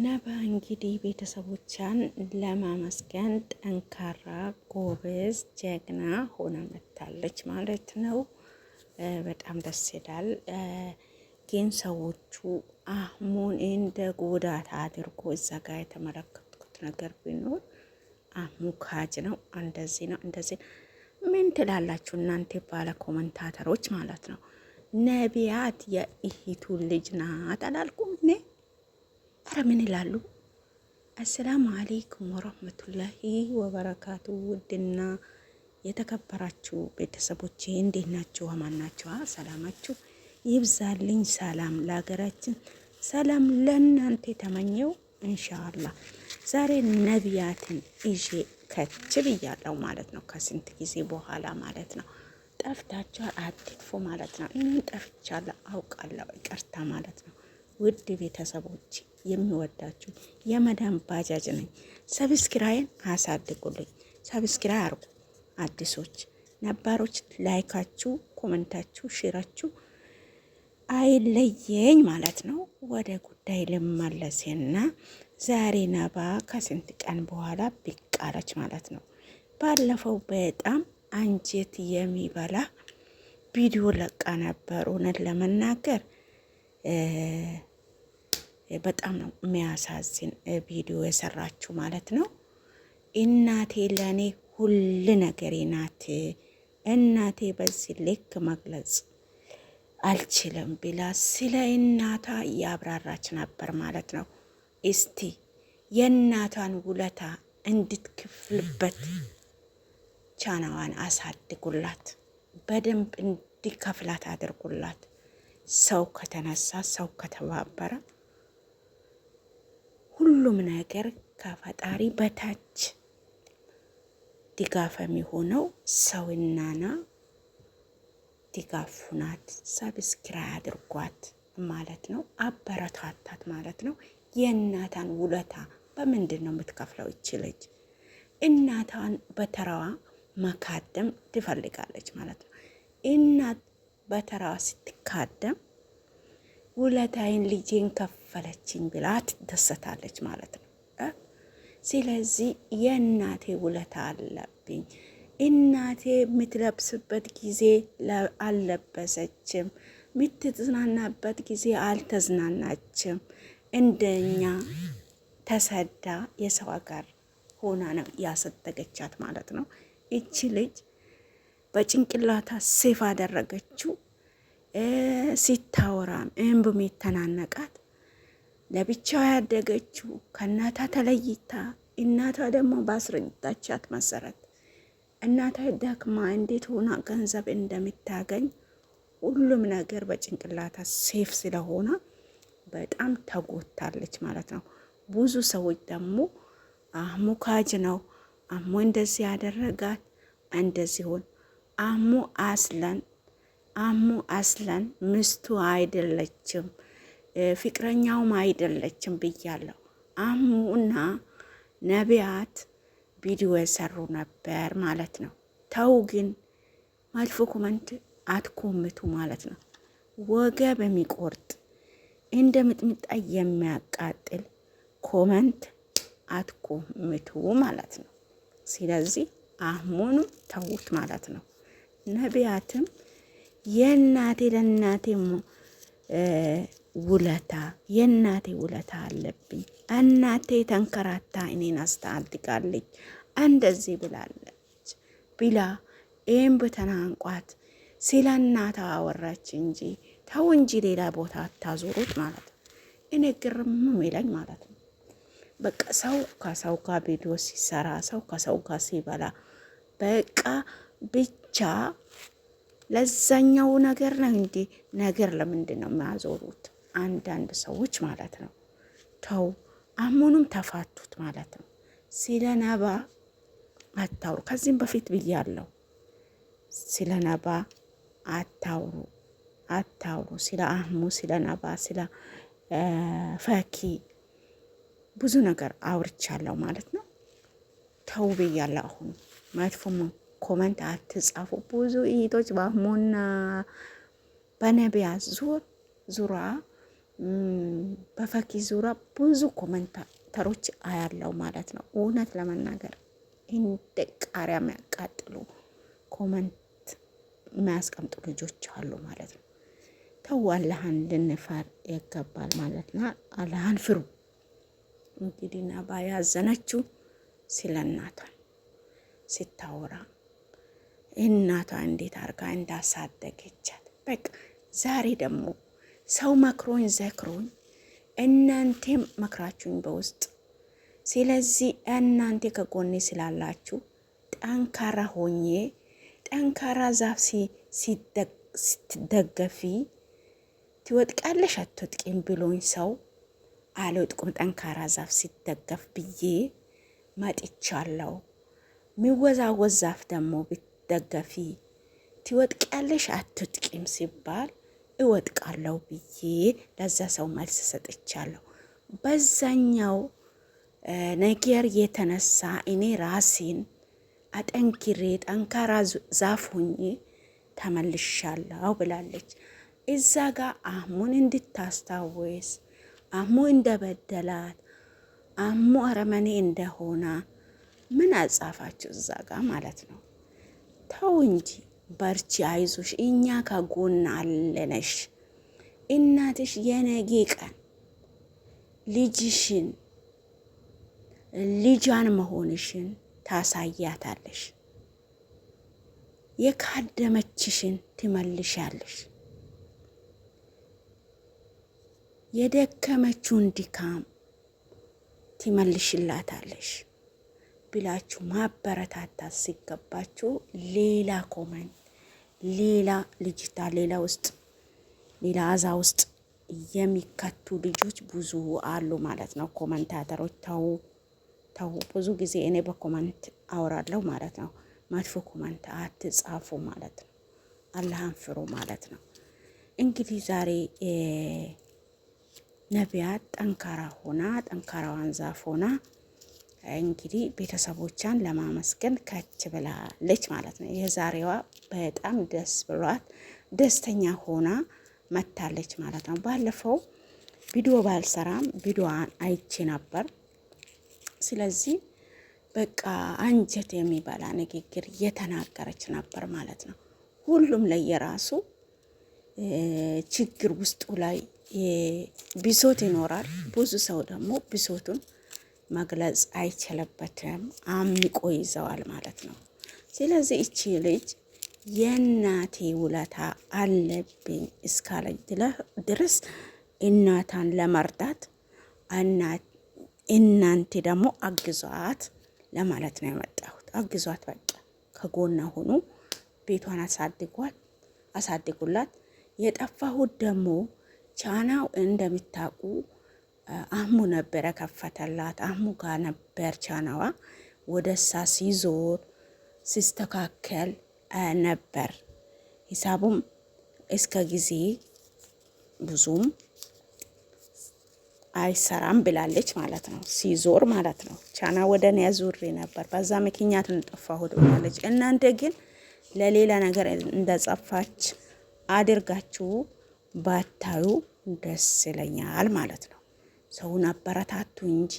ነባ እንግዲህ ቤተሰቦቿን ለማመስገን ጠንካራ ጎበዝ ጀግና ሆነ መታለች ማለት ነው። በጣም ደስ ይላል። ግን ሰዎቹ አህሙን እንደ ጎዳት አድርጎ እዛ ጋ የተመለከትኩት ነገር ቢኖር አህሙ ካጅ ነው፣ እንደዚህ ነው፣ እንደዚህ ምን ትላላችሁ እናንተ ባለ ኮመንታተሮች ማለት ነው። ነቢያት የእህቱ ልጅ ናት አላልኩም? አረ ምን ይላሉ? አሰላሙ አለይኩም ወረህመቱላሂ ወበረካቱ። ውድና የተከበራችሁ ቤተሰቦቼ እንዴት ናችሁ? አማን ናችሁ? ሰላማችሁ ይብዛልኝ። ሰላም ለሀገራችን፣ ሰላም ለእናንተ የተመኘው እንሻአላ። ዛሬ ነቢያትን ይዤ ከች ብያለሁ ማለት ነው። ከስንት ጊዜ በኋላ ማለት ነው። ጠፍታችኋል፣ አትጥፉ ማለት ነው። እኔም ጠፍቻለሁ አውቃለሁ፣ ይቅርታ ማለት ነው። ውድ ቤተሰቦች የሚወዳችሁ የመዳን ባጃጅ ነኝ። ሰብስክራይን አሳድጉልኝ፣ ሰብስክራይ አርጉ። አዲሶች ነባሮች ላይካችሁ፣ ኮመንታችሁ፣ ሽራችሁ አይለየኝ ማለት ነው። ወደ ጉዳይ ልመለሴና ዛሬ ነባ ከስንት ቀን በኋላ ብቅ አለች ማለት ነው። ባለፈው በጣም አንጀት የሚበላ ቪዲዮ ለቃ ነበር እውነት ለመናገር በጣም ነው የሚያሳዝን ቪዲዮ የሰራችሁ ማለት ነው። እናቴ ለእኔ ሁል ነገሬ ናት። እናቴ በዚህ ልክ መግለጽ አልችልም ብላ ስለ እናቷ እያብራራች ነበር ማለት ነው። እስቲ የእናቷን ውለታ እንድትክፍልበት ቻናዋን አሳድጉላት፣ በደንብ እንዲከፍላት አድርጉላት። ሰው ከተነሳ ሰው ከተባበረ ሁሉም ነገር ከፈጣሪ በታች ድጋፍ የሚሆነው ሰውናና ድጋፉናት ሰብስክራይብ አድርጓት ማለት ነው። አበረታታት ማለት ነው። የእናታን ውለታ በምንድን ነው የምትከፍለው? ይች ልጅ እናታን በተራዋ መካደም ትፈልጋለች ማለት ነው። እናት በተራ ስትካደም ውለታይን ልጄን ከፈለችኝ ብላ ትደሰታለች ማለት ነው። ስለዚህ የእናቴ ውለታ አለብኝ። እናቴ የምትለብስበት ጊዜ አልለበሰችም፣ የምትዝናናበት ጊዜ አልተዝናናችም። እንደኛ ተሰዳ የሰው ሀገር ሆና ነው ያሰጠገቻት ማለት ነው። እቺ ልጅ በጭንቅላታ ሴፍ አደረገችው። ሲታወራም እምብም የተናነቃት ለብቻው ያደገችው ከእናታ ተለይታ እናቷ ደግሞ ባስረዳቻት መሰረት እናቷ ደክማ እንዴት ሆና ገንዘብ እንደምታገኝ ሁሉም ነገር በጭንቅላታ ሴፍ ስለሆነ በጣም ተጎታለች ማለት ነው። ብዙ ሰዎች ደግሞ አህሙ ካጅ ነው፣ አህሙ እንደዚህ ያደረጋት እንደዚሁን አህሙ አስለን አሙ አስለን ምስቱ አይደለችም፣ ፍቅረኛውም አይደለችም ብያለሁ። አሙ እና ነቢያት ቪዲዮ የሰሩ ነበር ማለት ነው። ተው ግን መጥፎ ኮመንት አትኮምቱ ማለት ነው። ወገብ የሚቆርጥ እንደ ሚጥሚጣ የሚያቃጥል ኮመንት አትኮምቱ ማለት ነው። ስለዚህ አሙኑ ተዉት ማለት ነው። ነቢያትም የእናቴ ለእናቴ ውለታ የእናቴ ውለታ አለብኝ። እናቴ ተንከራታ እኔን አስታልቃለች እንደዚህ ብላለች ቢላ ይህም ብተናንቋት ስለ እናታ አወራች እንጂ ተው እንጂ ሌላ ቦታ አታዞሩት ማለት ነው። እኔ ግርም ይለኝ ማለት ነው። በቃ ሰው ከሰው ጋር ቪዲዮ ሲሰራ ሰው ከሰው ጋር ሲበላ በቃ ብቻ ለዛኛው ነገር ነው እንዴ? ነገር ለምንድን ነው የሚያዞሩት? አንዳንድ ሰዎች ማለት ነው። ተው አሞኑም ተፋቱት ማለት ነው። ስለ ነባ አታውሩ። ከዚህም በፊት ብያለሁ። ስለ ነባ አታውሩ፣ አታውሩ። ስለ አህሙ፣ ስለ ነባ፣ ስለ ፈኪ ብዙ ነገር አውርቻለሁ ማለት ነው። ተው ብያለሁ። አሁኑ መጥፎም ኮመንት አትጻፉ። ብዙ እህቶች በአህሙና በነቢያ ዙር ዙራ በፈኪ ዙራ ብዙ ኮመንታተሮች አያለው ማለት ነው። እውነት ለመናገር እንደ ቃሪያ የሚያቃጥሉ ኮመንት የሚያስቀምጡ ልጆች አሉ ማለት ነው። ተው አላህን ልንፈር ይገባል ማለት ነው። አላህን ፍሩ። እንግዲህ ነባ ያዘነችው ስለ እናቷን ስታወራ እናቷ እንዴት አርጋ እንዳሳደገቻት በቃ ዛሬ ደግሞ ሰው መክሮኝ ዘክሮኝ እናንቴም መክራችሁኝ በውስጥ ስለዚህ እናንቴ ከጎኔ ስላላችሁ ጠንካራ ሆኜ ጠንካራ ዛፍ ስትደገፊ ትወጥቃለሽ አትወጥቂም ብሎኝ ሰው አልወጥቁም ጠንካራ ዛፍ ሲደገፍ ብዬ መጥቻለሁ። ሚወዛወዝ ዛፍ ደግሞ ደጋፊ ትወድቂያለሽ አትወድቂም ሲባል እወድቃለሁ ብዬ ለዛ ሰው መልስ ሰጥቻለሁ። በዛኛው ነገር የተነሳ እኔ ራሴን አጠንክሬ ጠንካራ ዛፍ ሆኜ ተመልሻለሁ ብላለች። እዛ ጋር አህሙን እንድታስታወስ አህሙ እንደበደላት አህሙ አረመኔ እንደሆነ ምን አጻፋችሁ እዛ ጋር ማለት ነው። ተው እንጂ በርቺ፣ አይዞሽ፣ እኛ ከጎን አለነሽ። እናትሽ የነጌ ቀን ልጅሽን ልጇን መሆንሽን ታሳያታለሽ። የካደመችሽን ትመልሻለሽ። የደከመችውን ድካም ትመልሽላታለሽ። ብላችሁ ማበረታታት ሲገባችሁ ሌላ ኮመንት፣ ሌላ ልጅታ፣ ሌላ ውስጥ ሌላ አዛ ውስጥ የሚከቱ ልጆች ብዙ አሉ ማለት ነው። ኮመንታተሮች ተው ተው። ብዙ ጊዜ እኔ በኮመንት አወራለሁ ማለት ነው። መጥፎ ኮመንት አትጻፉ ማለት ነው። አላህን ፍሩ ማለት ነው። እንግዲህ ዛሬ ነቢያት ጠንካራ ሆና ጠንካራዋን ዛፍ ሆና እንግዲህ ቤተሰቦቿን ለማመስገን ከች ብላለች ማለት ነው። የዛሬዋ በጣም ደስ ብሏት ደስተኛ ሆና መታለች ማለት ነው። ባለፈው ቪዲዮ ባልሰራም ቪዲዮዋን አይቼ ነበር። ስለዚህ በቃ አንጀት የሚበላ ንግግር እየተናገረች ነበር ማለት ነው። ሁሉም ለየራሱ ችግር ውስጡ ላይ ብሶት ይኖራል። ብዙ ሰው ደግሞ ብሶቱን መግለጽ አይችልበትም፣ አምቆ ይዘዋል ማለት ነው። ስለዚህ እቺ ልጅ የእናቴ ውለታ አለብኝ እስካለች ድረስ እናታን ለመርዳት እናንተ ደግሞ አግዟት ለማለት ነው የመጣሁት። አግዟት፣ በቃ ከጎና ሁኑ፣ ቤቷን አሳድጓት አሳድጉላት። የጠፋሁት ደግሞ ቻናው እንደሚታቁ አህሙ ነበረ ከፈተላት። አሙ ጋር ነበር ቻናዋ ወደ እሳ ሲዞር ሲስተካከል ነበር። ሂሳቡም እስከ ጊዜ ብዙም አይሰራም ብላለች ማለት ነው። ሲዞር ማለት ነው። ቻና ወደ እኔ ዙሬ ነበር፣ በዛ ምክንያት እንጠፋሁት ብላለች። እናንተ ግን ለሌላ ነገር እንደጸፋች አድርጋችሁ ባታዩ ደስ ይለኛል ማለት ነው። ሰውን አበረታቱ እንጂ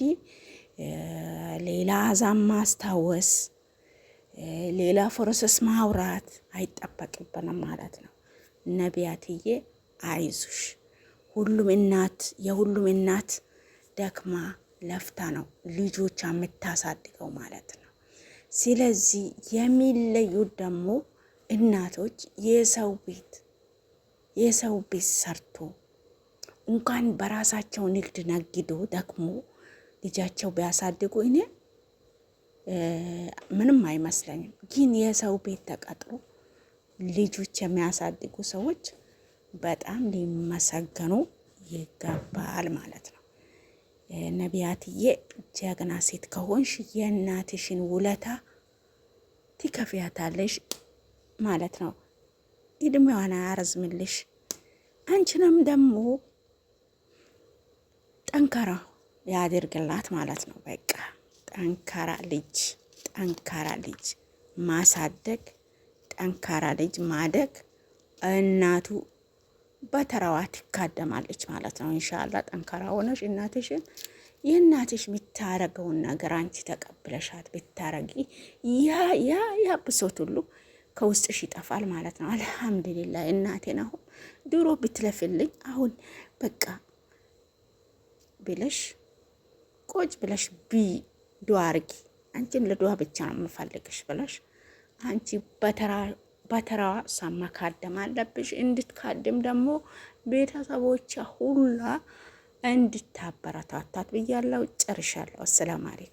ሌላ አዛም ማስታወስ፣ ሌላ ፍርስስ ማውራት አይጠበቅብንም ማለት ነው። ነቢያትዬ አይዙሽ፣ ሁሉም እናት የሁሉም እናት ደክማ ለፍታ ነው ልጆቿ የምታሳድገው ማለት ነው። ስለዚህ የሚለዩት ደግሞ እናቶች የሰው ቤት የሰው ቤት ሰርቶ እንኳን በራሳቸው ንግድ ነግዶ ደግሞ ልጃቸው ቢያሳድጉ እኔ ምንም አይመስለኝም። ግን የሰው ቤት ተቀጥሮ ልጆች የሚያሳድጉ ሰዎች በጣም ሊመሰገኑ ይገባል ማለት ነው። ነቢያትዬ ጀግና ሴት ከሆንሽ የእናትሽን ውለታ ትከፍያታለሽ ማለት ነው። እድሜዋን አያረዝምልሽ አንቺንም ደግሞ ጠንካራ ያደርግላት ማለት ነው። በቃ ጠንካራ ልጅ ጠንካራ ልጅ ማሳደግ ጠንካራ ልጅ ማደግ እናቱ በተራዋ ትካደማለች ማለት ነው። ኢንሻአላህ ጠንካራ ሆነሽ እናትሽን የእናትሽ ብታረገውን ነገር አንቺ ተቀብለሻት ብታረጊ ያ ያ ያ ብሶት ሁሉ ከውስጥሽ ይጠፋል ማለት ነው። አልሐምዱሊላህ እናቴን አሁን ድሮ ብትለፍልኝ አሁን በቃ ብለሽ ቁጭ ብለሽ ቢ ዱዓ አርጊ። አንቺን ለዱዓ ብቻ ነው የምፈልግሽ ብለሽ አንቺ በተራዋ ሳማ ካደም አለብሽ። እንድትካድም ደግሞ ቤተሰቦቿ ሁላ እንድታበረታታት ብያለሁ። ጨርሻለሁ። አሰላም አለይኩም።